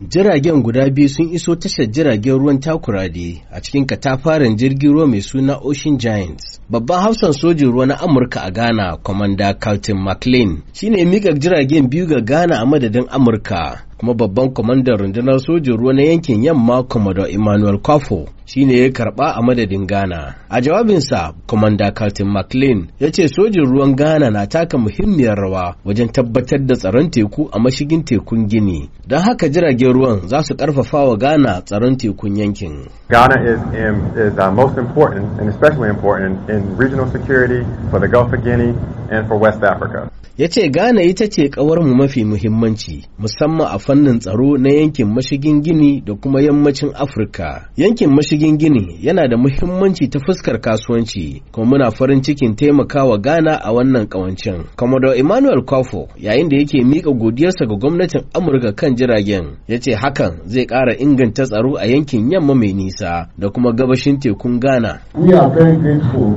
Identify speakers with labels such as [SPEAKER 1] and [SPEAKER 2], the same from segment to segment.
[SPEAKER 1] Jiragen guda biyu sun iso tashar jiragen ruwan takurade a cikin katafaren jirgin ruwa mai suna Ocean Giants. Babban hausan sojin ruwa na Amurka a Ghana, Commander Captain McLean, shine mika jiragen biyu ga Ghana a madadin Amurka. kuma babban kwamandan rundunar sojin ruwa na yankin yamma Commodore Emmanuel Kwafo shine ya karɓa a madadin Ghana. A jawabinsa, Commander Captain McLean ya ce sojin ruwan Ghana na taka muhimmiyar rawa wajen tabbatar da tsaron teku a mashigin tekun Gini. Don haka jiragen ruwan za su karfafa wa Ghana tsaron tekun yankin. Ghana is, in, um, is uh, most important and especially important in regional security for the Gulf of Guinea and for West Africa. ya ce Ghana ita ce mu mafi muhimmanci musamman a fannin tsaro na yankin mashigin gini da kuma yammacin Afirka. Yankin mashigin gini yana da muhimmanci ta fuskar kasuwanci kuma muna farin cikin taimakawa Ghana a wannan kawancin. Kamado Emmanuel Kwafo yayin da yake miƙa godiyarsa ga gwamnatin Amurka kan jiragen ya ce hakan zai ƙara inganta tsaro a yankin yamma mai nisa da kuma gabashin tekun Ghana. We are very grateful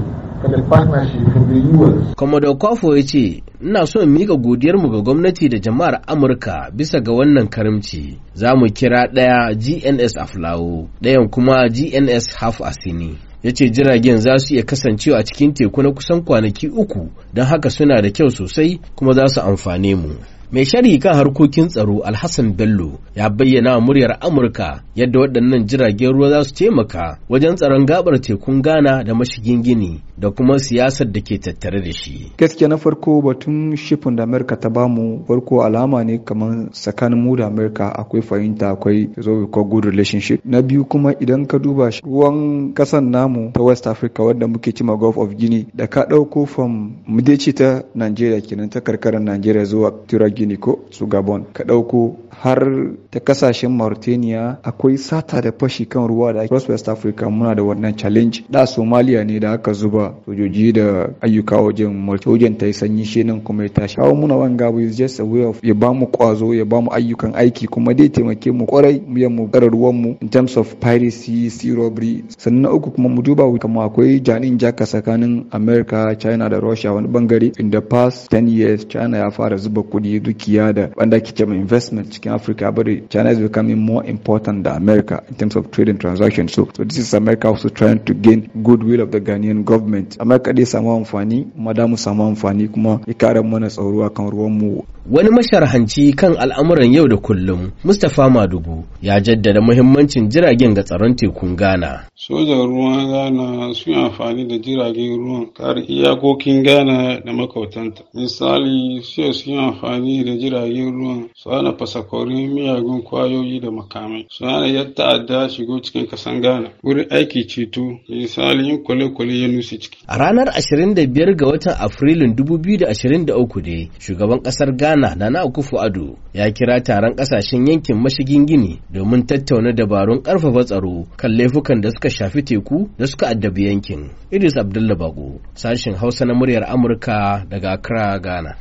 [SPEAKER 1] for ya ce, Ina so mika miƙa godiyarmu ga gwamnati da jama'ar Amurka bisa ga wannan karimci. Za mu kira ɗaya GNS a Fulawo, ɗayan kuma GNS Half a Sini. ya ce jiragen za su iya kasancewa a cikin teku na kusan kwanaki uku don haka suna da kyau sosai kuma za su amfane mu mai sharhi kan harkokin tsaro alhassan bello ya bayyana wa muryar amurka yadda waɗannan jiragen ruwa za su taimaka wajen tsaron gabar tekun ghana da mashigin gini da kuma siyasar da ke tattare da shi. Gaskiya na farko
[SPEAKER 2] batun shifin da Amerika ta bamu farko alama ne kamar tsakanin mu da Amerika akwai fahimta akwai zo ko good relationship. Na biyu kuma idan ka duba ruwan kasan namu ta West Africa wanda muke cima Gulf of Guinea da ka ɗauko from mudeci ta Nigeria kenan ta karkarar Nigeria zuwa Tura Guinea ko su Gabon ka ɗauko har ta kasashen Mauritania akwai sata da fashi kan ruwa da West Africa muna da wannan challenge da Somalia ne da aka zuba sojoji da ayyuka wajen mulki wajen ta yi sanyi shi nan kuma ya tashi hawa muna wanga abu is just a way of ya bamu kwazo ya bamu ayyukan aiki kuma dai taimake mu kwarai mu yan mu ruwan mu in terms of piracy sea robbery sannan na uku kuma mu duba kamar akwai janin jaka tsakanin America China da Russia wani bangare in the past 10 years China ya fara zuba kuɗi dukiya da wanda ke cewa investment cikin Africa bari China is becoming more important than America in terms of trade and transaction so so this is America also trying to gain goodwill of the Ghanaian government government amma kada ya samu amfani kuma da mu samu amfani kuma ya kare
[SPEAKER 1] mana tsaro akan ruwan mu wani masharhanci kan al'amuran yau da kullum Mustapha Madugu ya jaddada muhimmancin jiragen ga tsaron tekun Ghana sojan
[SPEAKER 3] ruwa Ghana sun amfani da jiragen ruwan kare iyakokin Gana da makautanta misali sai sun amfani da jiragen ruwa su hana fasakorin miyagun kwayoyi da makamai su hana yadda ta'adda shigo cikin kasan Gana, wurin aiki ceto misali in kwale-kwale ya nusi
[SPEAKER 1] A ranar 25 ga watan Afrilun 2023 dai shugaban kasar Ghana Nana Akufo ado, ya kira taron kasashen yankin mashigin Gini domin tattauna dabarun karfafa tsaro kan laifukan da suka shafi teku da suka addabi yankin. Idris abdullabago sashen sashin Hausa na muryar Amurka daga Accra, Ghana.